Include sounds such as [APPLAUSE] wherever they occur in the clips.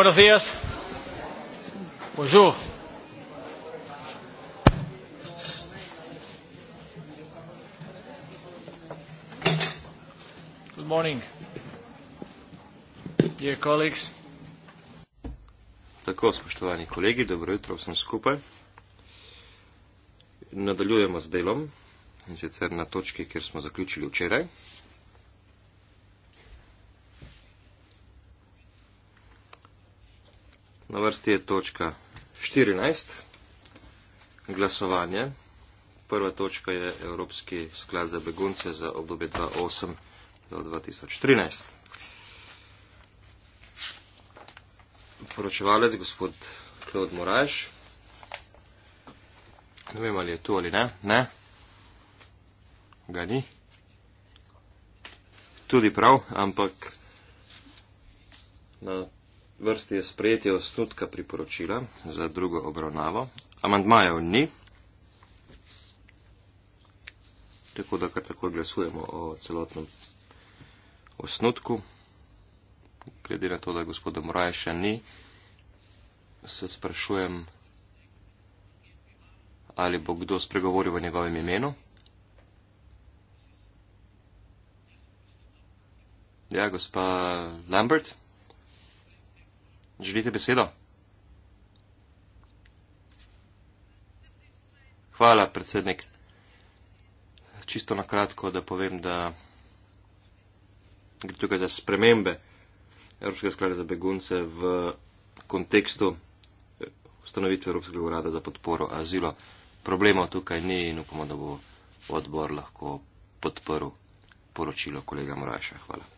Buenos días. Bonjour. Good morning. Dear colleagues. Tako, spoštovani kolegi, dobro jutro vsem skupaj. Nadaljujemo z delom in sicer na točki, kjer smo zaključili včeraj. vrsti je točka 14, glasovanje. Prva točka je Evropski sklad za begunce za obdobje 2008 do 2013. Poročevalec, gospod Klod Moraš. Ne vem, ali je tu ali ne. Ne? Ga ni? Tudi prav, ampak na vrsti je sprejetje osnutka priporočila za drugo obravnavo. Amandmajev ni, tako da kar tako glasujemo o celotnem osnutku. Glede na to, da gospoda Moraja še ni, se sprašujem, ali bo kdo spregovoril v njegovem imenu. Ja, gospa Lambert. Želite besedo? Hvala, predsednik. Čisto na kratko, da povem, da gre tukaj za spremembe Evropskega sklada za begunce v kontekstu eh, ustanovitve Evropskega urada za podporo azilo. Problemov tukaj ni in upamo, da bo odbor lahko podporil poročilo kolega Moraša. Hvala.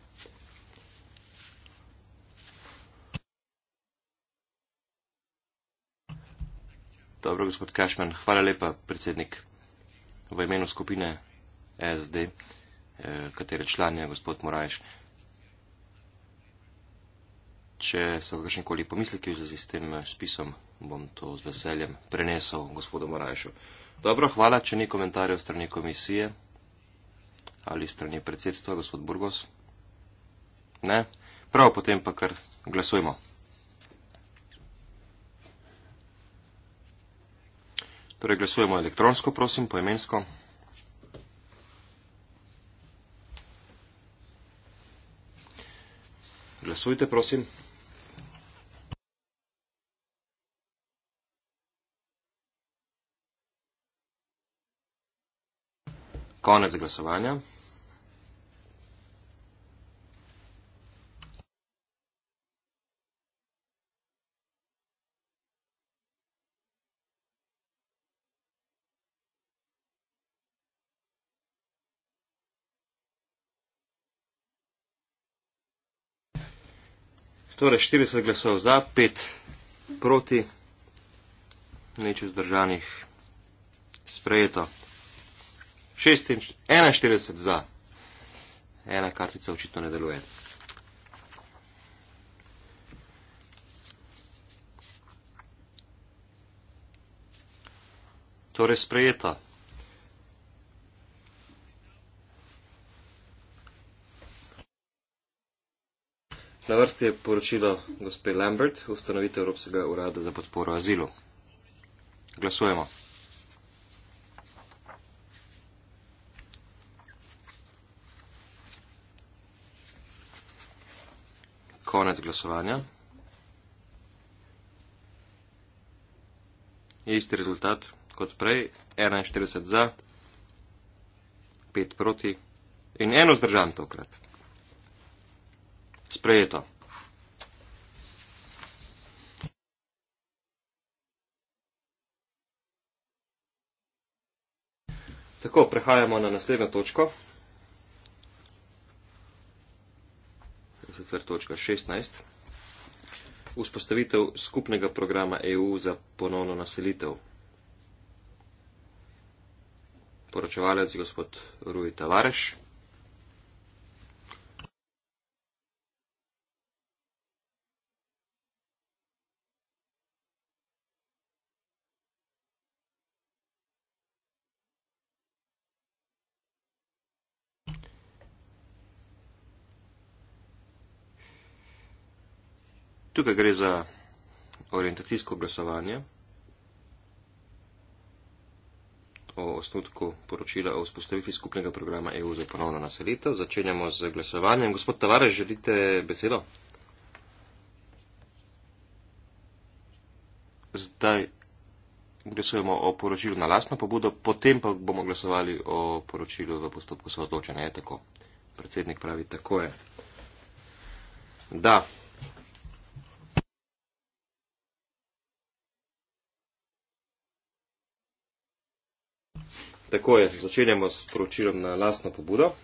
Dobro, gospod Kašman, hvala lepa, predsednik. V imenu skupine SD, eh, katere član je gospod Morajš. Če so kakšni koli pomisliki v zvezi s tem eh, spisom, bom to z veseljem prenesel gospodu Morajšu. Dobro, hvala, če ni komentarjev strani komisije ali strani predsedstva, gospod Burgos. Ne? Prav potem pa kar glasujmo. Torej glasujemo elektronsko, prosim, poemensko. Glasujte, prosim. Konec glasovanja. Torej, 40 glasov za, 5 proti, neč vzdržanih, sprejeto. 41 za, ena kartica očitno ne deluje. Torej, sprejeto. Na vrsti je poročilo gospe Lambert, ustanovite Evropskega urada za podporo azilu. Glasujemo. Konec glasovanja. Isti rezultat kot prej, 41 za, 5 proti in eno zdržan tokrat. Sprejeto. Tako, prehajamo na naslednjo točko. Sicer točka 16. Vzpostavitev skupnega programa EU za ponovno naselitev. Poročevalec gospod Rui Tavares. tukaj gre za orientacijsko glasovanje o osnutku poročila o vzpostavitvi skupnega programa EU za ponovno naselitev. Začenjamo z glasovanjem. Gospod Tavares, želite besedo? Zdaj glasujemo o poročilu na lastno pobudo, potem pa bomo glasovali o poročilu v postopku soodločanja. Je tako? Predsednik pravi, tako je. Da, Tako je, začenjamo s poročilom na lastno pobudo.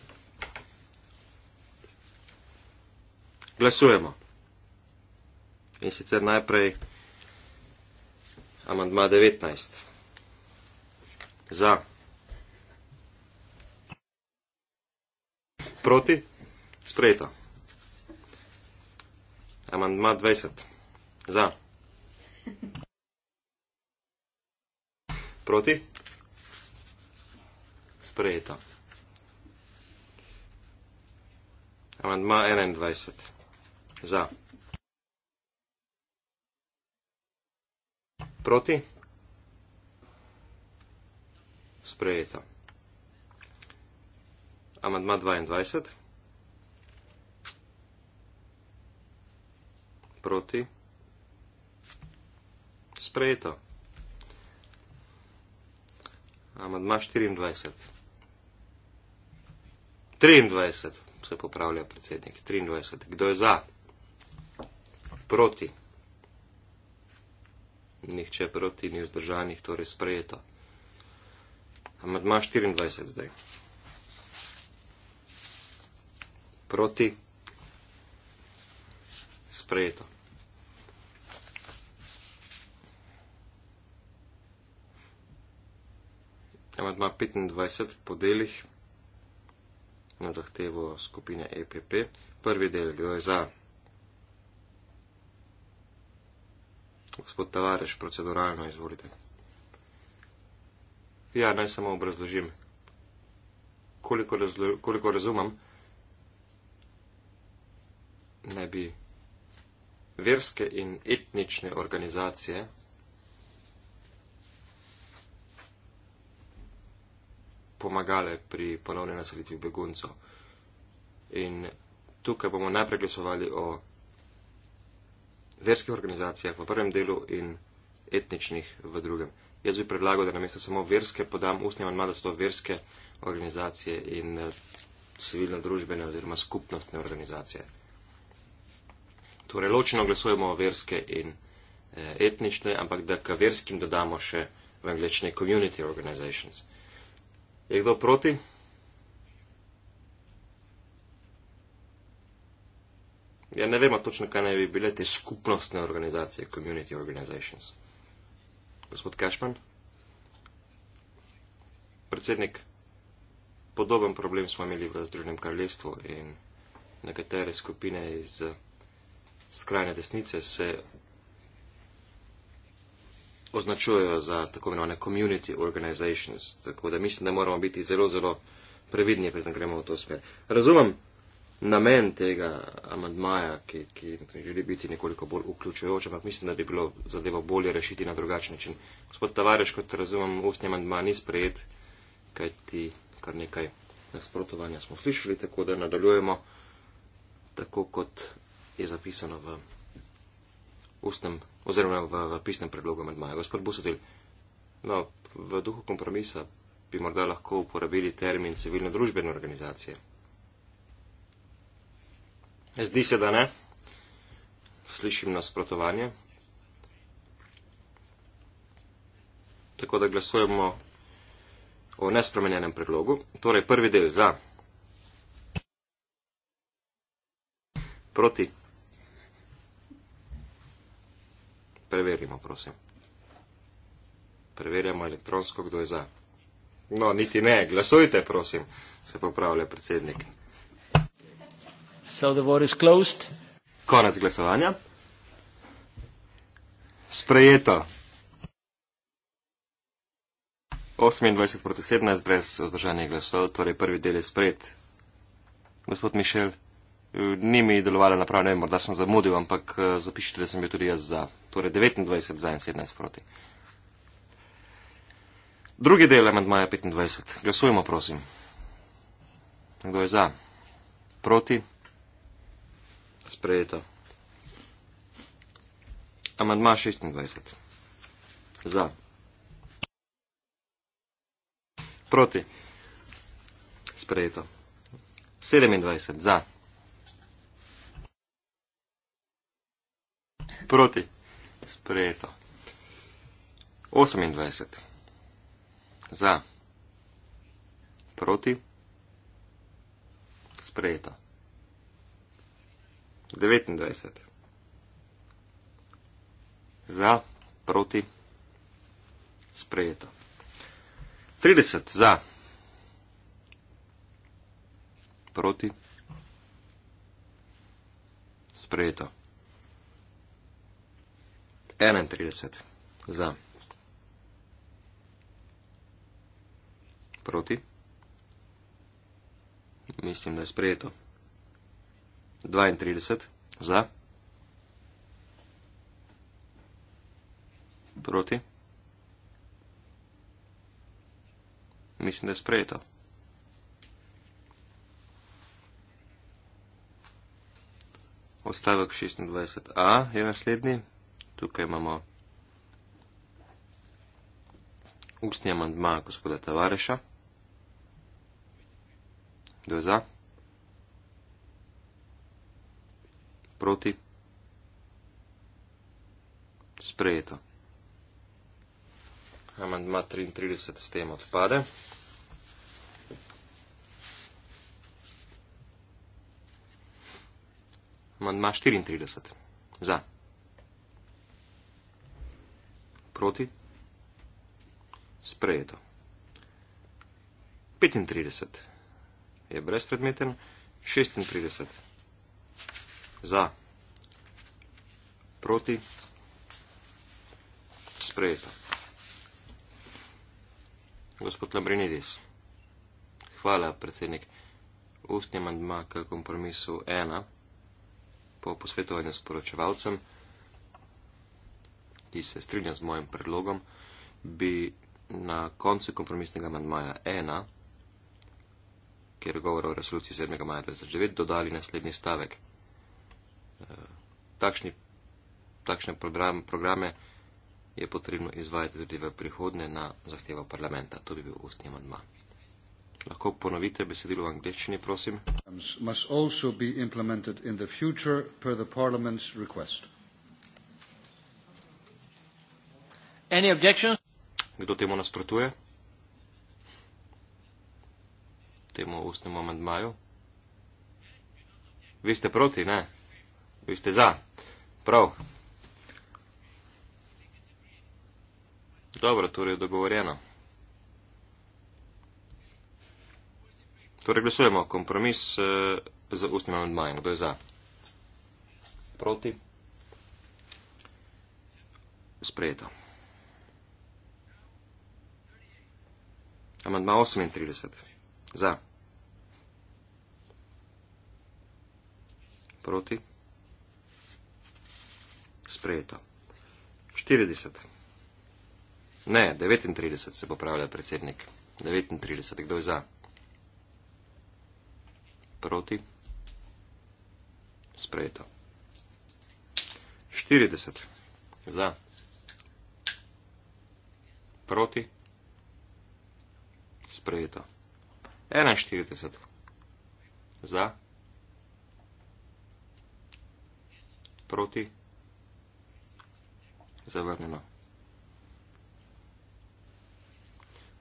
Glasujemo. In sicer najprej amandma 19. Za. Proti. Sprejeto. Amandma 20. Za. Proti sprejeta. Amandma 21. Za. Proti. Sprejeta. Amandma 22. Proti. Sprejeto. Amandma 24. 23, se popravlja predsednik. 23. Kdo je za? Proti. Nihče proti ni vzdržanih, torej sprejeto. Amadma 24 zdaj. Proti. Sprejeto. Amadma 25 po delih na zahtevo skupine EPP. Prvi del, kdo je za? Gospod Tavareš, proceduralno izvolite. Ja, naj samo obrazložim. Koliko, razlo, koliko razumem, naj bi verske in etnične organizacije pomagale pri ponovni naselitvi beguncov. In tukaj bomo najprej glasovali o verskih organizacijah v prvem delu in etničnih v drugem. Jaz bi predlagal, da namesto samo verske podam ustni manj, da so to verske organizacije in eh, civilno družbene oziroma skupnostne organizacije. Torej, ločeno glasujemo o verske in eh, etnične, ampak da k verskim dodamo še v angleščini community organizations. Je kdo proti? Ja, ne vemo točno, kaj naj bi bile te skupnostne organizacije, community organizations. Gospod Kašman? Predsednik, podoben problem smo imeli v Združenem kraljestvu in nekatere skupine iz skrajne desnice se označujejo za tako imenovane community organizations. Tako da mislim, da moramo biti zelo, zelo previdni, preden gremo v to smer. Razumem namen tega amandmaja, ki, ki želi biti nekoliko bolj vključujoč, ampak mislim, da bi bilo zadevo bolje rešiti na drugačen način. Gospod Tavares, kot razumem, ustni amandma ni sprejet, kaj ti kar nekaj nasprotovanja smo slišali, tako da nadaljujemo tako, kot je zapisano v ustnem amandmaju oziroma v, v pisnem predlogu medmaja. Gospod Busotil, no, v duhu kompromisa bi morda lahko uporabili termin civilno družbene organizacije. Zdi se, da ne. Slišim nasprotovanje. Tako da glasujemo o nespremenjenem predlogu. Torej, prvi del za. Proti. Preverimo, prosim. Preverjamo elektronsko, kdo je za. No, niti ne, glasujte, prosim, se popravlja predsednik. Konec glasovanja. Sprejeto. 28 proti 17 brez vzdržanih glasov, torej prvi del je sprejet. Gospod Mišel. Eh, ni mi delovala naprava, ne vem, morda sem zamudil, ampak eh, zapišite, da sem bil tudi jaz za. Torej 29 za in 17 proti. Drugi del amantmaja 25. Glasujemo, prosim. Kdo je za? Proti? Sprejeto. Amantma 26. Za. Proti? Sprejeto. 27. Za. proti. Sprejeto. 28. Za. Proti. Sprejeto. 29. Za. Proti. Sprejeto. 30. Za. Proti. Sprejeto. 31. Za. Proti. Mislim, da je sprejeto. 32. Za. Proti. Mislim, da je sprejeto. 26. A je naslednji. Tukaj imamo ustni amandma gospoda Tavareša. Kdo je za? Proti? Sprejeto. Amandma 33 s tem odpade. Amandma 34. Za. Proti? Sprejeto. 35. Je brezpredmeten. 36. Za. Proti. Sprejeto. Gospod Lambrinidis. Hvala, predsednik. Ustni mandma k kompromisu 1 po posvetovanju s poročevalcem ki se strinja z mojim predlogom, bi na koncu kompromisnega manjmaja 1, kjer govora o resoluciji 7. maja 2009, dodali naslednji stavek. E, takšni, takšne program, programe je potrebno izvajati tudi v prihodnje na zahtevo parlamenta. To bi bil ustni manjma. Lahko ponovite besedilo v angleščini, prosim. Any objections? Kdo temu nasprotuje? Temu ustnemu amandmaju? Vi ste proti, ne? Vi ste za. Prav. Dobro, torej je dogovorjeno. Torej glasujemo kompromis eh, z ustnim amandmajem. Kdo je za? Proti? Sprejeto. Amandma 38. Za. Proti. Sprejeto. 40. Ne, 39 se popravlja predsednik. 39. Kdo je za? Proti. Sprejeto. 40. Za. Proti. Sprejeto. 41. Za. Proti. Zavrnjeno.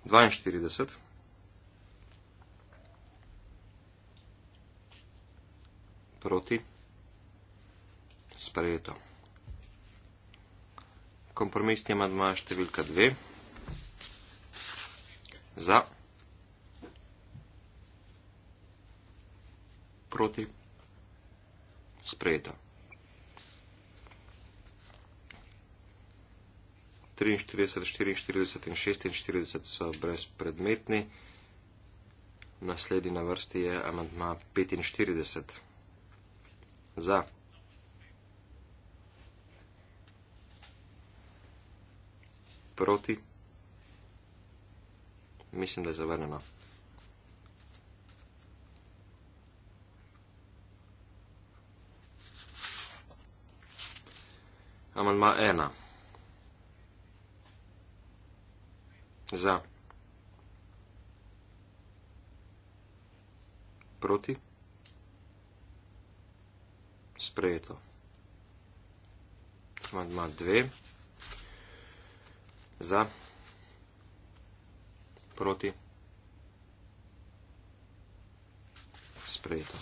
42. Proti. Sprejeto. Kompromisni amadma številka 2. Za. Proti. Sprejeto. 43, 44 in 46 so brezpredmetni. Naslednji na vrsti je amantma 45. Za. Proti. Mislim, da je zavrneno. Amandma ena. Za. Proti. Sprejeto. Amandma dve. Za. Proti. Sprejeto.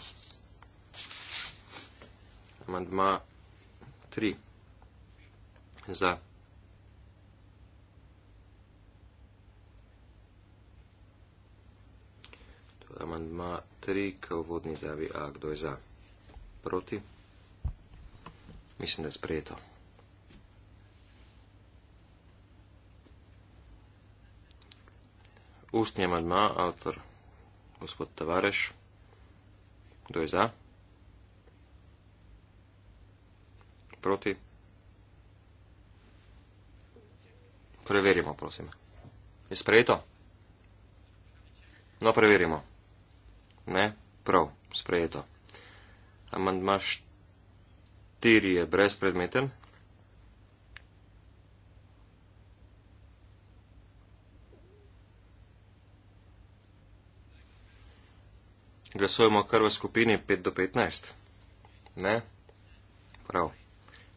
Amandma tri za amandma 3, k vodni zavi A, kdo je za? Proti? Mislim, da je sprejeto. Ustni amandma, avtor gospod Tavareš, kdo je za? Proti? Preverimo, prosim. Je sprejeto? No, preverimo. Ne, prav, sprejeto. Amandma štiri je brezpredmeten. Glasujemo kar v skupini 5 do 15. Ne? Prav.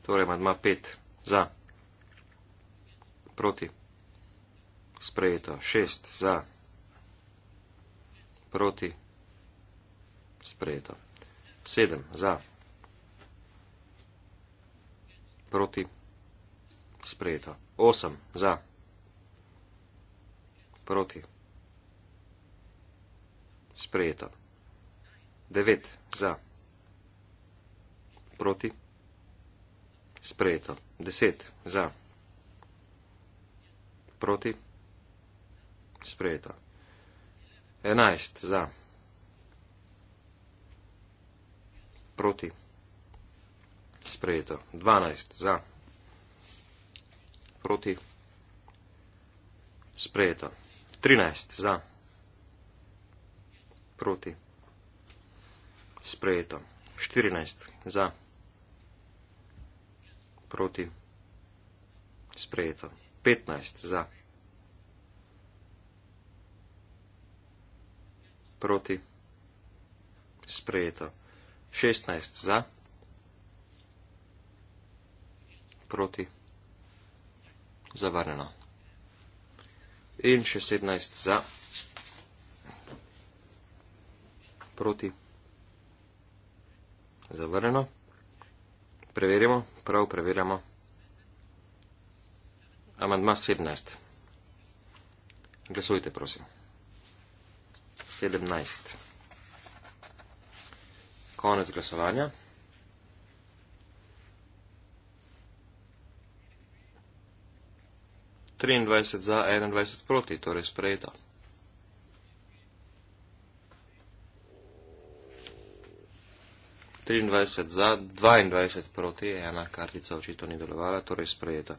Torej, madma 5 za. Proti. Sprejeto. Šest za. Proti. Sprejeto. Sedem za. Proti. Sprejeto. Osem za. Proti. Sprejeto. Devet za. Proti. Sprejeto. Deset za. Proti? Sprejeta. Enajst za. Proti? Sprejeta. Dvanajst za. Proti? Sprejeta. Trinajst za. Proti? Sprejeta. Štirinajst za. Proti? Sprejeta. 15 za. Proti. Sprejeto. 16 za. Proti. Zavarjeno. In še 17 za. Proti. Zavrneno. Preverimo. Prav preverjamo. Amandma 17. Glasujte, prosim. 17. Konec glasovanja. Triindvajset za, enaindvajset proti, torej sprejeto. Triindvajset za, dvaindvajset proti, ena kartica očitno ni delovala, torej sprejeto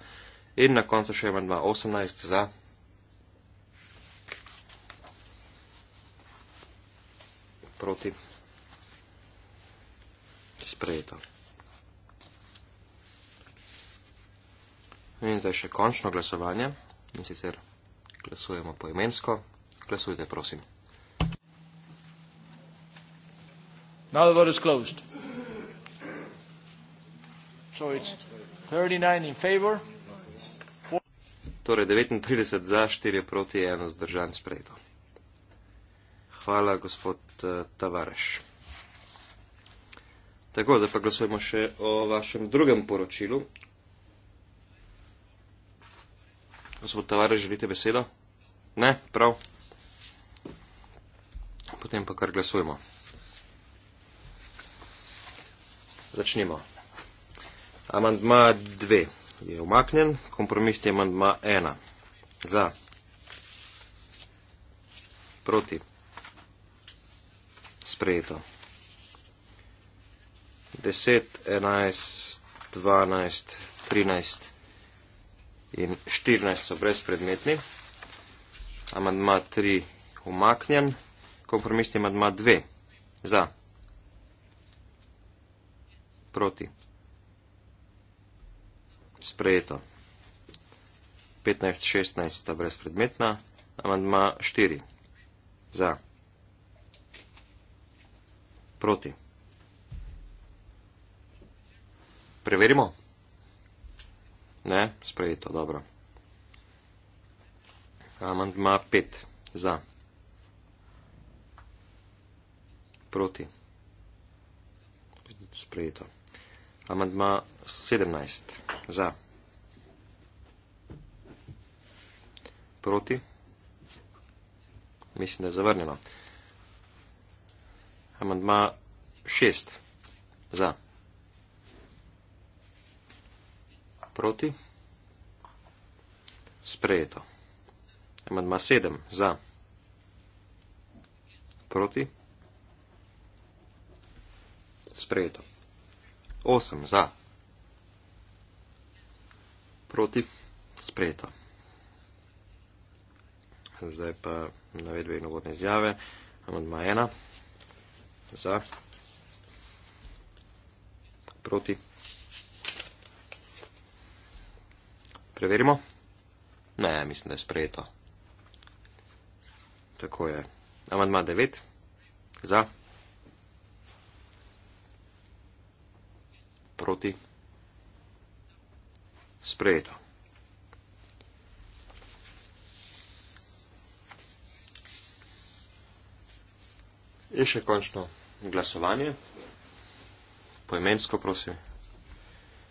in na koncu še ima 2.18 za. Proti. Sprejeto. In zdaj še končno glasovanje. In sicer glasujemo poimensko. Glasujte, prosim. Now the vote is closed. So it's 39 in favor torej 39 za, 4 proti 1 zdržan sprejeto. Hvala, gospod uh, Tavareš. Tako, da pa glasujemo še o vašem drugem poročilu. Gospod Tavareš, želite besedo? Ne, prav. Potem pa kar glasujemo. Začnimo. Amandma 2 je omaknjen, kompromis je mandma ena. Za. Proti. Sprejeto. 10, 11, 12, 13 in 14 so brezpredmetni. Amandma 3 umaknjen. Kompromis je amandma 2. Za. Proti sprejeto. 15-16 sta brezpredmetna, amandma 4 za. Proti. Preverimo? Ne, sprejeto, dobro. Amandma 5 za. Proti. Sprejeto. Amandma 17. Za. Proti. Mislim, da je zavrnjeno. Amandma šest. Za. Proti. Sprejeto. Amandma sedem. Za. Proti. Sprejeto. Osem. Za proti sprejeta. Zdaj pa navedbe in uvodne izjave. Amandma 1. Za. Proti. Preverimo. Ne, mislim, da je sprejeto. Tako je. Amandma 9. Za. Proti sprejeto. In še končno glasovanje. Poimensko prosim.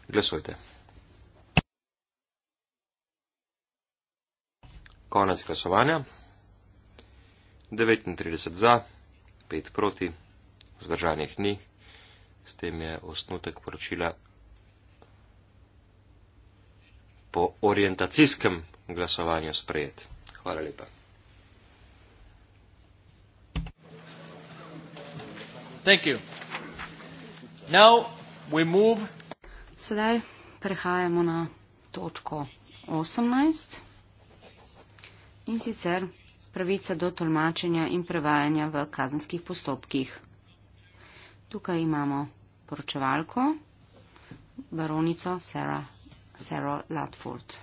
Glasujte. Konec glasovanja. 39 za, 5 proti, vzdržanih ni. S tem je osnutek poročila po orientacijskem glasovanju sprejet. Hvala lepa. Thank you. Now we move. Sedaj prehajamo na točko 18 in sicer pravica do tolmačenja in prevajanja v kazenskih postopkih. Tukaj imamo poročevalko, baronico Sarah Sarah Latford.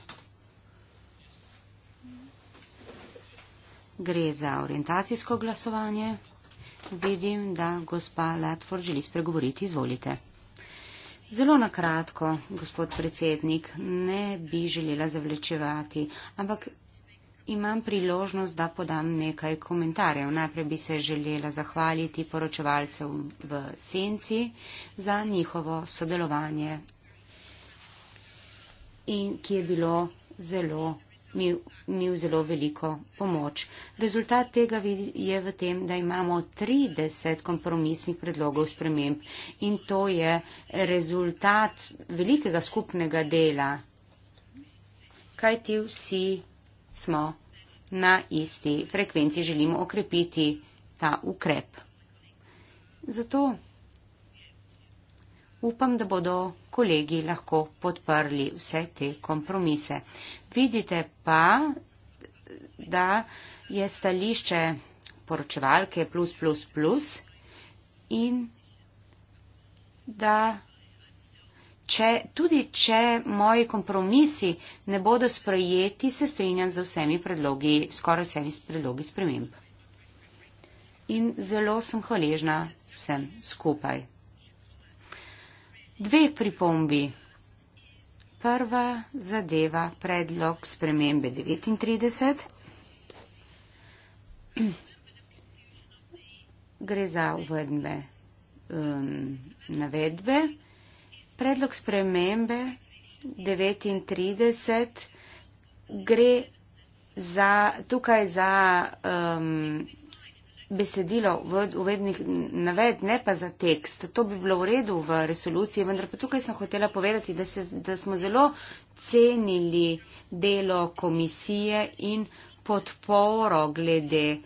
Gre za orientacijsko glasovanje. Vidim, da gospa Latford želi spregovoriti. Izvolite. Zelo nakratko, gospod predsednik, ne bi želela zavlečevati, ampak imam priložnost, da podam nekaj komentarjev. Najprej bi se želela zahvaliti poročevalcev v Senci za njihovo sodelovanje in ki je bilo zelo, mil, mil zelo veliko pomoč. Rezultat tega je v tem, da imamo 30 kompromisnih predlogov sprememb in to je rezultat velikega skupnega dela, kaj ti vsi smo na isti frekvenci, želimo okrepiti ta ukrep. Zato upam, da bodo kolegi lahko podprli vse te kompromise. Vidite pa, da je stališče poročevalke plus plus plus in da če, tudi če moji kompromisi ne bodo sprejeti, se strinjam z vsemi predlogi, skoraj vsemi predlogi sprememb. In zelo sem hvaležna vsem skupaj. Dve pripombi. Prva zadeva predlog spremembe 39. [CLEARS THROAT] Gre za uvedbe um, navedbe. Predlog spremembe 39 gre za, tukaj za um, besedilo v uvednih navedb, ne pa za tekst. To bi bilo v redu v resoluciji, vendar pa tukaj sem hotela povedati, da, se, da smo zelo cenili delo komisije in podporo glede.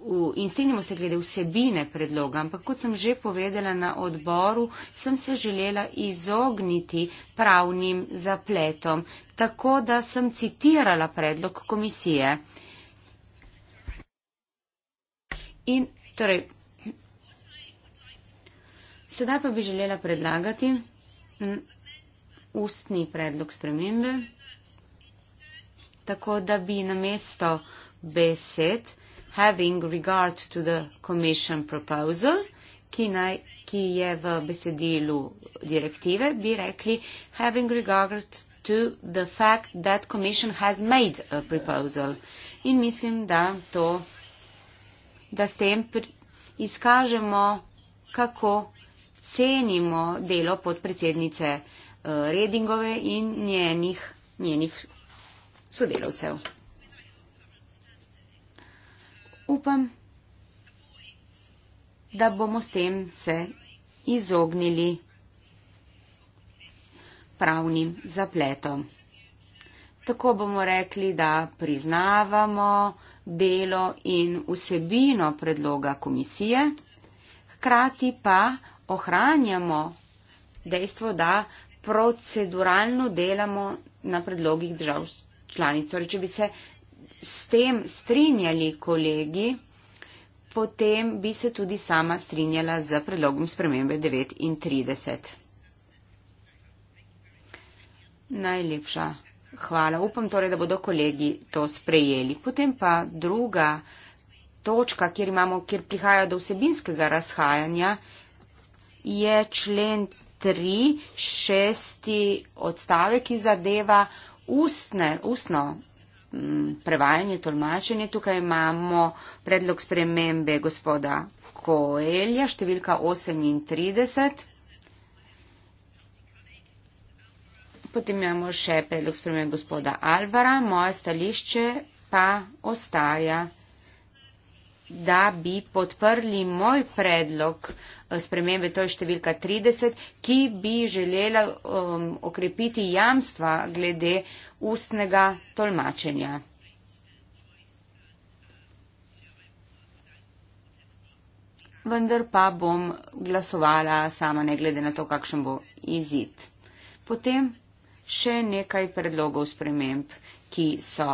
V, in strinjamo se glede vsebine predloga, ampak kot sem že povedala na odboru, sem se želela izogniti pravnim zapletom, tako da sem citirala predlog komisije. In torej, sedaj pa bi želela predlagati ustni predlog spremembe, tako da bi namesto besed having regard to the commission proposal, ki, naj, ki je v besedilu direktive, bi rekli having regard to the fact that commission has made a proposal. In mislim, da to da s tem izkažemo, kako cenimo delo podpredsednice eh, Redingove in njenih, njenih sodelavcev. Upam, da bomo s tem se izognili pravnim zapletom. Tako bomo rekli, da priznavamo, delo in vsebino predloga komisije, hkrati pa ohranjamo dejstvo, da proceduralno delamo na predlogih držav članic. Torej, če bi se s tem strinjali kolegi, potem bi se tudi sama strinjala z predlogom spremembe 39. Najlepša Hvala. Upam torej, da bodo kolegi to sprejeli. Potem pa druga točka, kjer, imamo, kjer prihaja do vsebinskega razhajanja, je člen 3, 6 odstavek, ki zadeva ustne, ustno mm, prevajanje, tolmačenje. Tukaj imamo predlog spremembe gospoda Koelja, številka 38. Potem imamo še predlog spremembe gospoda Alvara. Moje stališče pa ostaja, da bi podprli moj predlog eh, spremembe, to je številka 30, ki bi želela um, okrepiti jamstva glede ustnega tolmačenja. Vendar pa bom glasovala sama, ne glede na to, kakšen bo izid. Potem še nekaj predlogov sprememb, ki so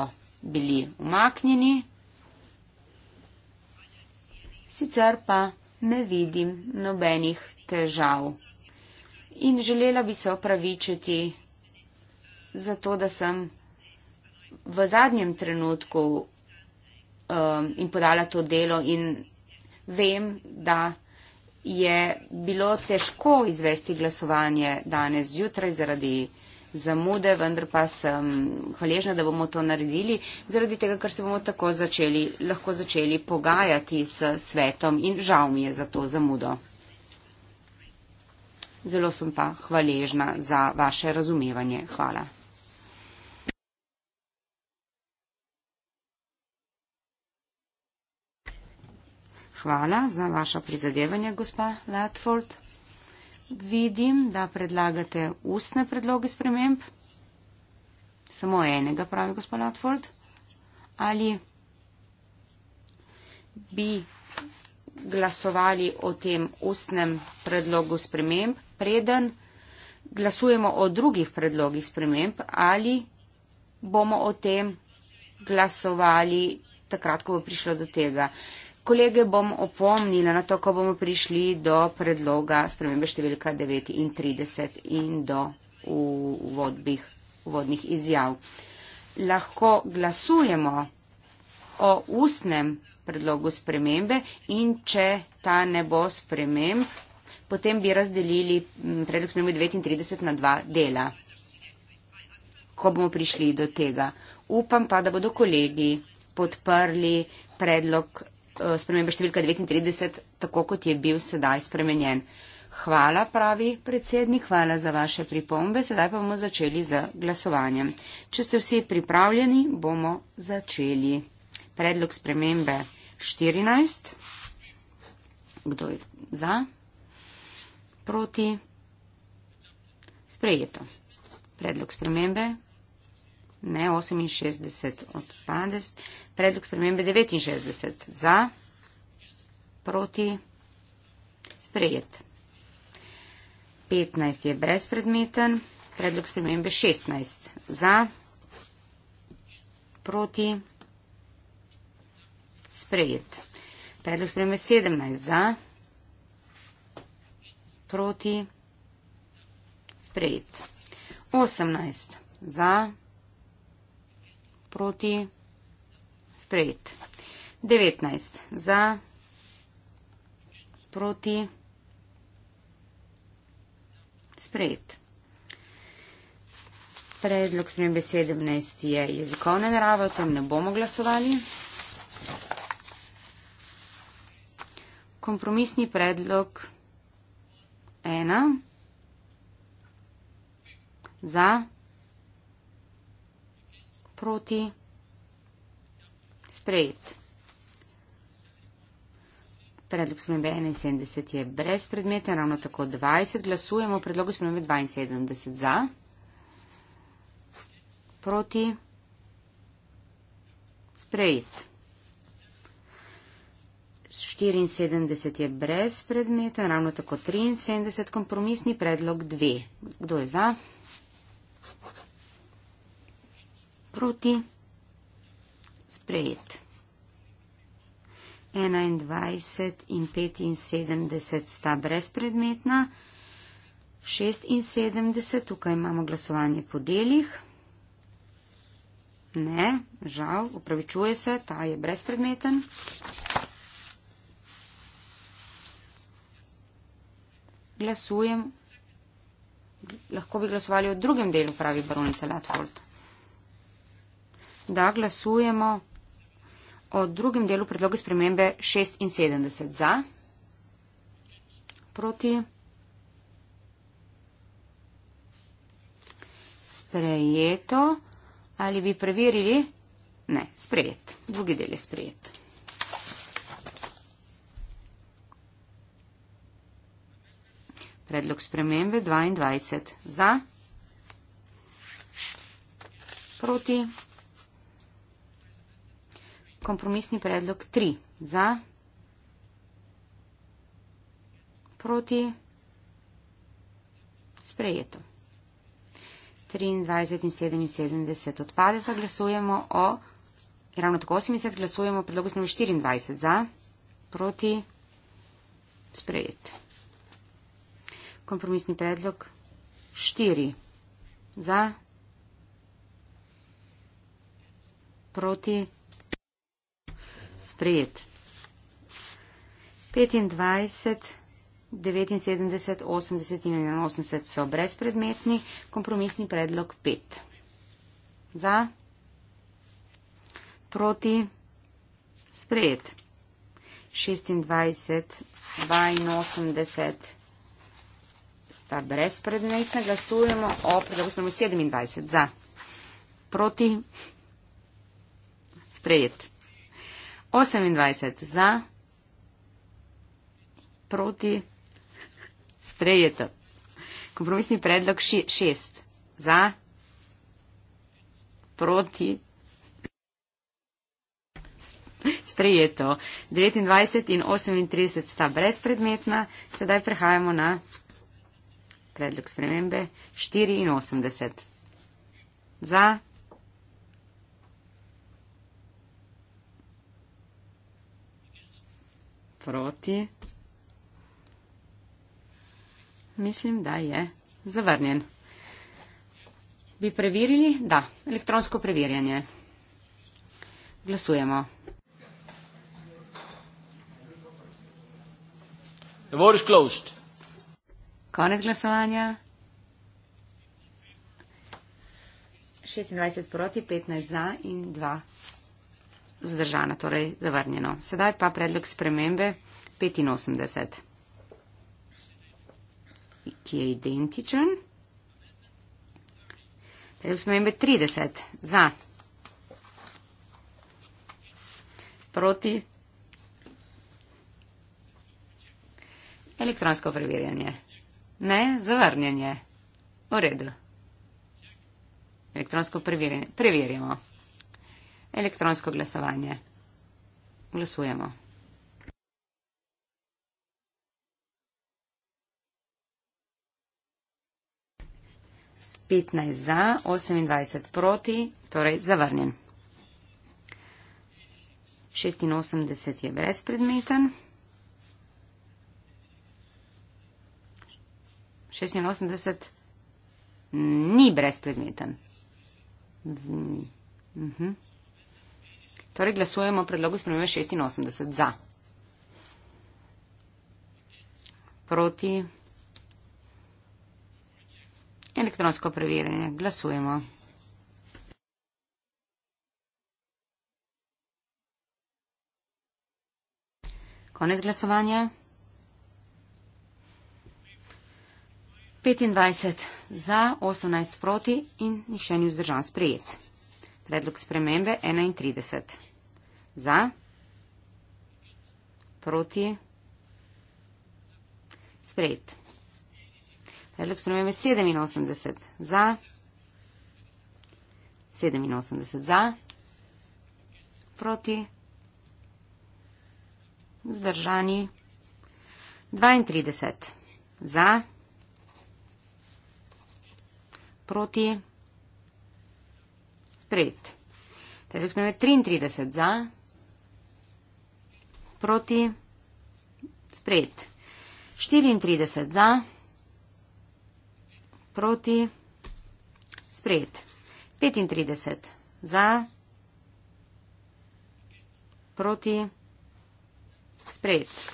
bili umaknjeni. Sicer pa ne vidim nobenih težav. In želela bi se opravičiti za to, da sem v zadnjem trenutku um, in podala to delo in vem, da je bilo težko izvesti glasovanje danes zjutraj zaradi zamude, vendar pa sem hvaležna, da bomo to naredili, zaradi tega, ker se bomo tako začeli, lahko začeli pogajati s svetom in žal mi je za to zamudo. Zelo sem pa hvaležna za vaše razumevanje. Hvala. Hvala za vaše prizadevanje, gospa Latford vidim, da predlagate ustne predloge sprememb, samo enega, pravi gospod Latford, ali bi glasovali o tem ustnem predlogu sprememb, preden glasujemo o drugih predlogih sprememb, ali bomo o tem glasovali takrat, ko bo prišlo do tega. Kolege bom opomnila na to, ko bomo prišli do predloga spremembe številka 39 in do uvodbih, uvodnih izjav. Lahko glasujemo o ustnem predlogu spremembe in če ta ne bo sprememb, potem bi razdelili predlog spremembe 39 na dva dela, ko bomo prišli do tega. Upam pa, da bodo kolegi podprli predlog Eh, spremembe številka 39, tako kot je bil sedaj spremenjen. Hvala, pravi predsednik, hvala za vaše pripombe. Sedaj pa bomo začeli z glasovanjem. Če ste vsi pripravljeni, bomo začeli. Predlog spremembe 14. Kdo je za? Proti? Sprejeto. Predlog spremembe? Ne, 68 odpade. Predlog spremembe 69 za, proti, sprejet. 15 je brezpredmeten, predlog spremembe 16 za, proti, sprejet. Predlog spremembe 17 za, proti, sprejet. 18 za, proti, sprejet sprejet. 19 za, proti, sprejet. Predlog spremembe 17 je jezikovne narave, o tem ne bomo glasovali. Kompromisni predlog 1 za, proti, sprejet sprejet. Predlog spremembe 71 je brezpredmeten, ravno tako 20. Glasujemo o predlogu spremembe 72 za. Proti. Sprejet. 74 je brezpredmeten, ravno tako 73. Kompromisni predlog 2. Kdo je za? Proti sprejet. 21 in 75 sta brezpredmetna. 76, tukaj imamo glasovanje po delih. Ne, žal, upravičuje se, ta je brezpredmeten. 21, lahko bi glasovali o drugem delu, pravi baronica Latvold. Da, glasujemo o drugem delu predloga spremembe 76 za, proti, sprejeto ali bi preverili? Ne, sprejet. Drugi del je sprejet. Predlog spremembe 22 za, proti, sprejeto kompromisni predlog 3. Za, proti, sprejeto. 23 in 77 odpadeta, glasujemo o, ravno tako 80, glasujemo o predlogu 24. Za, proti, sprejet. Kompromisni predlog 4. Za, proti, sprejeto sprejet. 25, 79, 80 in 81 so brezpredmetni, kompromisni predlog 5. Za, proti, sprejet. 26, 82 sta brezpredmetna, glasujemo o predlogu 27. Za, proti, sprejet. 28 za, proti, sprejeto. Kompromisni predlog 6 ši, za, proti, sprejeto. 29 in 38 sta brezpredmetna, sedaj prehajamo na predlog spremembe 84. Za, proti. Mislim, da je zavrnjen. Bi preverili? Da, elektronsko preverjanje. Glasujemo. The vote is closed. Konec glasovanja. 26 proti, 15 za in 2 vzdržana, torej zavrnjeno. Sedaj pa predlog spremembe 85, ki je identičen. Predlog spremembe 30 za. Proti. Elektronsko preverjanje. Ne, zavrnjenje. V redu. Elektronsko preverjanje. Preverjamo elektronsko glasovanje. Glasujemo. petnajst za, osemindvajset proti, torej zavrnjen. šestinosemdeset je brezpredmeten. šestinosemdeset ni brezpredmeten. Mhm. Torej glasujemo o predlogu spremembe 86 za. Proti. Elektronsko preverjanje. Glasujemo. Konec glasovanja. 25 za, 18 proti in nihče ni vzdržan sprejet. Predlog spremembe 31. Za? Proti? Sprejet. Predlog spremembe 87. Za? 87. Za? Proti? Zdržani? 32. Za? Proti? Sprejet. Tretji sklep je 33 za, proti, sprejet. 34 za, proti, sprejet. 35 za, proti, sprejet.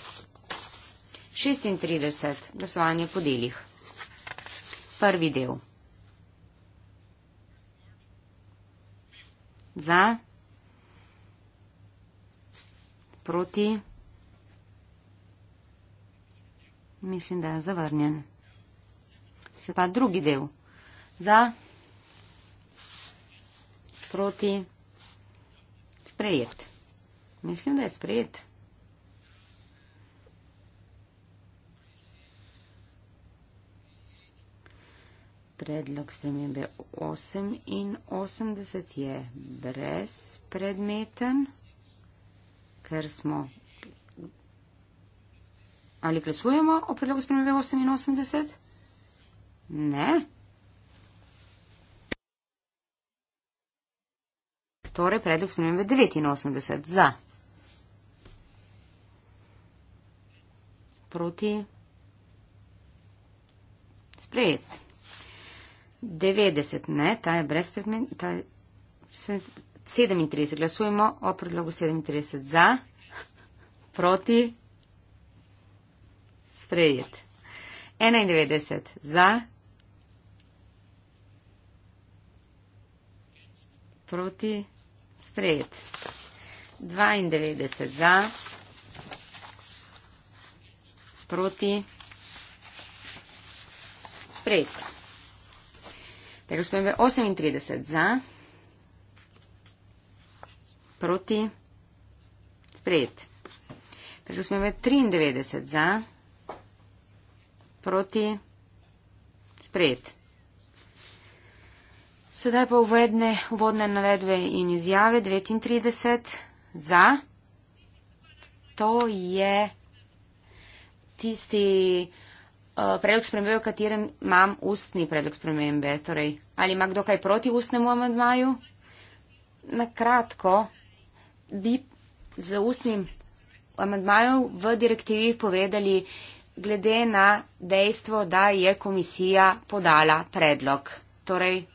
36 glasovanje po delih. Prvi del. za, proti, mislim, da je zavrnjen. Se pa drugi del. Za, proti, sprejet. Mislim, da je sprejet. predlog spremembe 88 je brezpredmeten, ker smo. Ali glasujemo o predlogu spremembe 88? Ne. Torej, predlog spremembe 89 za. Proti. Sprejet. 90, ne, ta je brezpredmetna. 37, glasujemo o predlogu 37 za, proti, sprejet. 91 za, proti, sprejet. 92 za, proti, sprejet. Rozpoznamo 38 za, proti, sprejet. Rozpoznamo 93 za, proti, sprejet. Sedaj pa uvedne, uvodne navedbe in izjave 39 za. To je tisti. Eh, predlog spremembe, v katerem imam ustni predlog spremembe. Torej, ali ima kdo kaj proti ustnemu amandmaju? Na kratko bi z ustnim amandmajem v direktivi povedali glede na dejstvo, da je komisija podala predlog. Torej,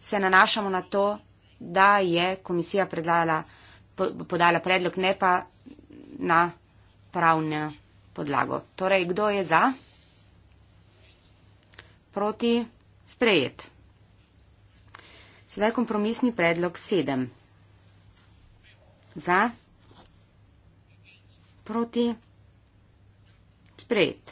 se nanašamo na to, da je komisija predlala, po, podala predlog, ne pa na pravne podlago. Torej, kdo je za? proti sprejet. Sedaj kompromisni predlog sedem. Za proti sprejet.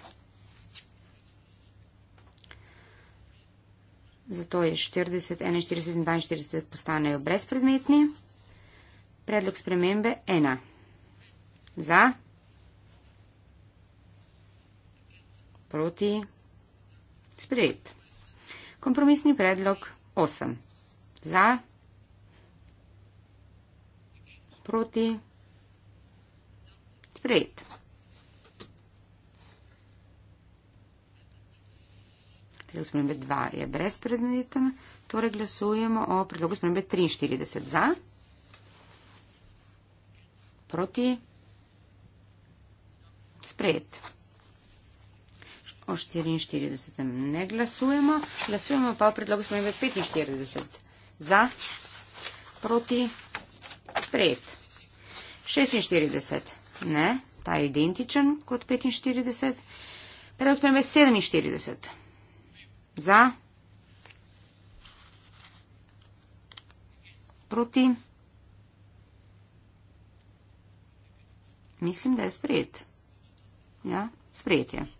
Zato je 40, 41 in 42 postanejo brezpredmetni. Predlog spremembe 1. Za. Proti. Sprejet. Kompromisni predlog 8. Za. Proti. Sprejet. Predlog spremembe 2 je brezpredmeten, torej glasujemo o predlogu spremembe 43 za, proti, sprejet o 44. ne glasujemo. Glasujemo pa o predlogu spremembe 45. Za, proti, pred. 46. Ne, ta je identičen kot 45. Predlog spremembe 47. Za, proti. Mislim, da je sprejet. Ja, sprejet je.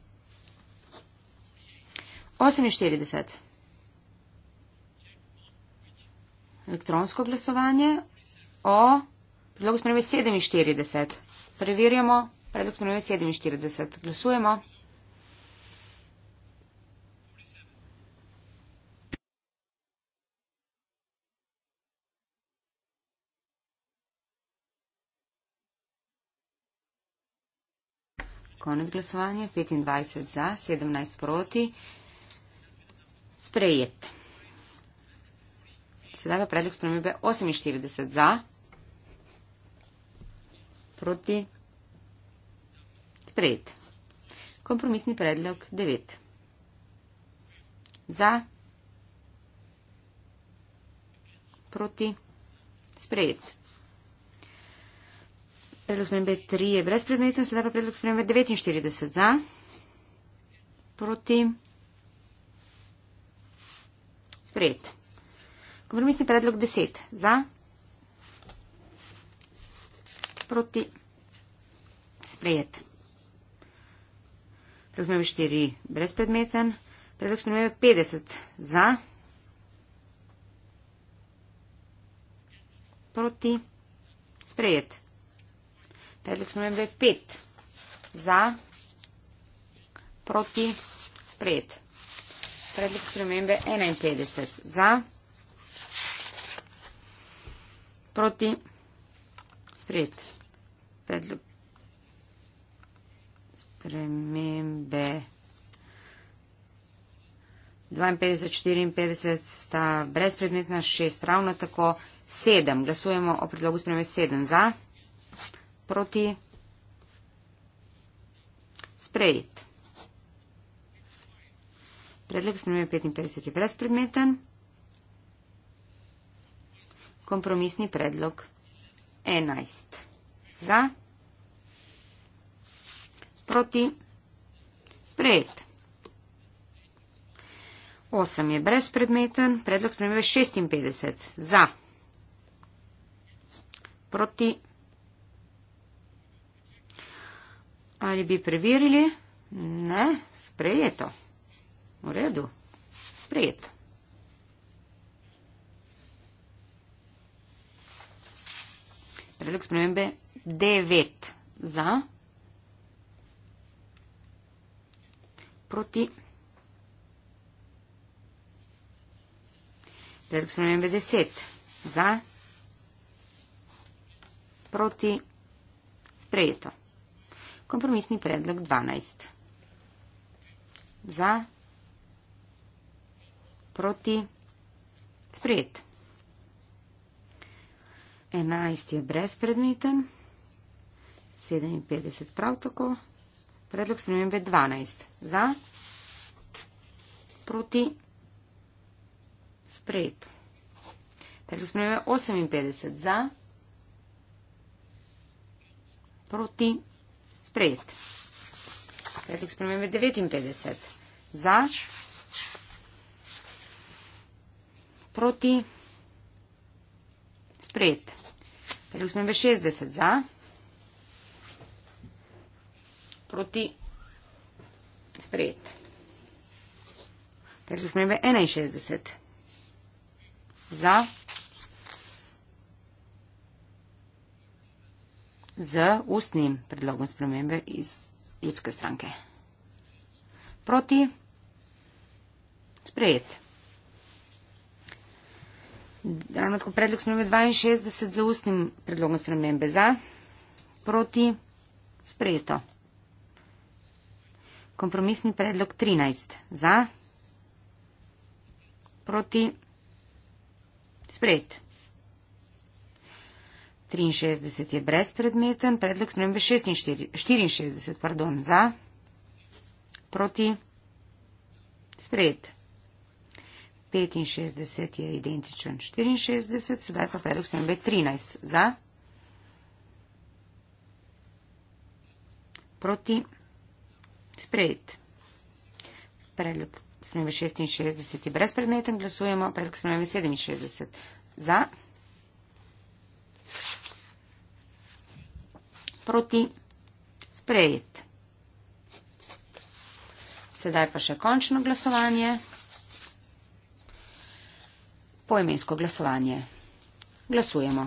48. Elektronsko glasovanje o predlogu spremembe 47. Preverjamo predlog spremembe 47. Glasujemo. Konec glasovanja 25 za, 17 proti sprejet. Sedaj pa predlog spremembe 48 za, proti, sprejet. Kompromisni predlog 9. Za, proti, sprejet. Predlog spremembe 3 je brezpredmeten, sedaj pa predlog spremembe 49 za, proti, sprejet. Sprejet. Kompromisni predlog 10. Za. Proti. Sprejet. Preuzmemo 4 brezpredmeten. Predlog spremembe 50. Za. Proti. Sprejet. Predlog spremembe 5. Za. Proti. Sprejet predlog spremembe 51 za, proti, sprejet predlog spremembe 52-54 sta brezpredmetna, 6 ravno tako, 7. Glasujemo o predlogu spremembe 7 za, proti, sprejet. Predlog spremembe 55 je brezpredmeten. Kompromisni predlog 11. Za. Proti. Sprejet. 8 je brezpredmeten. Predlog spremembe 56. Za. Proti. Ali bi preverili? Ne, sprejeto. V redu. Prijet. Predlog spremembe 9 za proti. Predlog spremembe 10 za proti sprejeto. Kompromisni predlog 12 za proti proti. Sprejet. Enajst je brezpredmeten. Sedeminpetdeset prav tako. Predlog spremembe dvanajst. Za. Proti. Sprejet. Predlog spremembe oseminpetdeset. Za. Proti. Sprejet. Predlog spremembe devetinpetdeset. Za. proti. Sprejet. Preusmeme 60 za. Proti. Sprejet. Preusmeme 61 za. Z ustnim predlogom spremembe iz ljudske stranke. Proti. Sprejet. Ravno tako predlog spremembe 62 za ustnim predlogom spremembe za, proti, sprejeto. Kompromisni predlog 13 za, proti, sprejet. 63 je brezpredmeten, predlog spremembe 64 pardon, za, proti, sprejet. 65 je identičen 64, sedaj pa predlog spremembe 13. Za? Proti? Sprejet. Predlog spremembe 66 je brezpredmeten, glasujemo. Predlog spremembe 67. Za? Proti? Sprejet. Sedaj pa še končno glasovanje poimensko glasovanje. Glasujemo.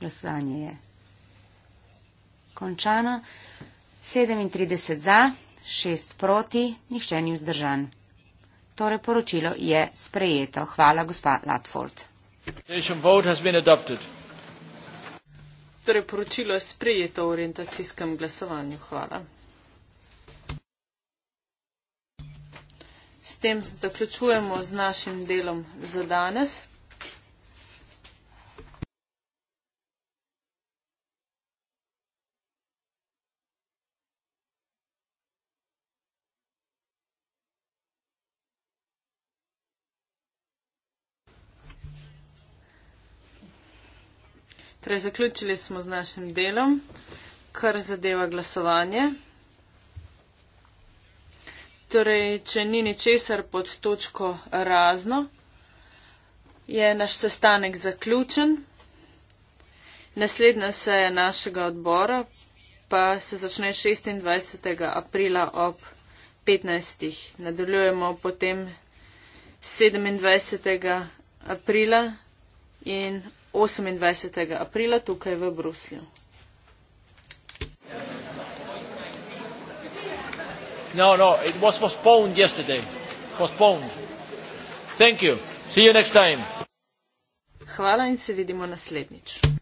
Glasovanje je končano. 37 za, 6 proti, nihče ni vzdržan. Torej poročilo je sprejeto. Hvala, gospa Latford. Torej poročilo je sprejeto v orientacijskem glasovanju. Hvala. S tem zaključujemo z našim delom za danes. Torej, zaključili smo z našim delom, kar zadeva glasovanje. Torej, če ni ničesar pod točko razno, je naš sestanek zaključen. Naslednja seja našega odbora pa se začne 26. aprila ob 15. Nadaljujemo potem 27. aprila in 28. aprila tukaj v Bruslju. No, no, it was postponed yesterday. Postponed. Thank you. See you next time. Hvala in se vidimo naslednjič.